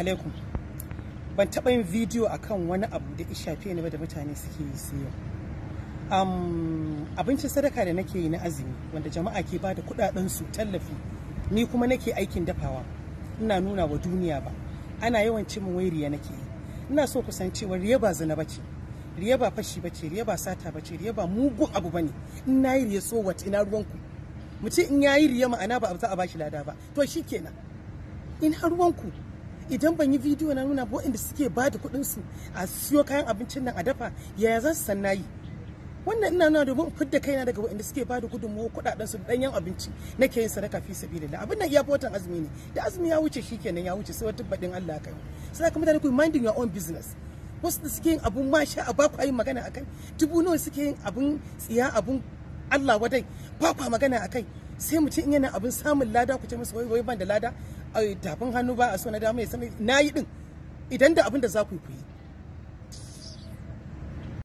alaikum ban taɓa yin bidiyo akan wani abu da ishafe ne ba da mutane suke yi siyo um, abincin sadaka da nake yi na azumi wanda jama'a ke bada kudaden su tallafi ni kuma nake aikin dafawa ina nuna wa duniya ba ana yawan cin wai riya nake yi ina so ku san cewa riya ba zina bace riya ba fashi bace riya ba sata bace riya ba mugun abu bane in nayi riya so wat ina ruwanku mu ce in yayi riya ma'ana ba za a bashi lada ba to shikenan ina ruwanku idan ban yi bidiyo na nuna da suke ba da kuɗin su a siyo kayan abincin nan a dafa yaya za su san nayi wannan ina nuna domin fidda kaina daga waɗanda suke ba da gudunmawa kuɗaɗen su ɗanyen abinci ke yin sadaka fi sabili da abin nan iya watan azumi ne da azumi ya wuce kenan ya wuce sai wata baɗin Allah kai sai kuma mutane ku minding your own business wasu da suke yin abun masha a baku ayi magana akai dubu nawa suke yin abun tsiya abun Allah wadai kwakwa magana akai sai mutum in yana abin samun lada ku ce masa wai ban da lada tafin hannu ba a so na dama ya sani na yi din idan da abin da za ku yi ku yi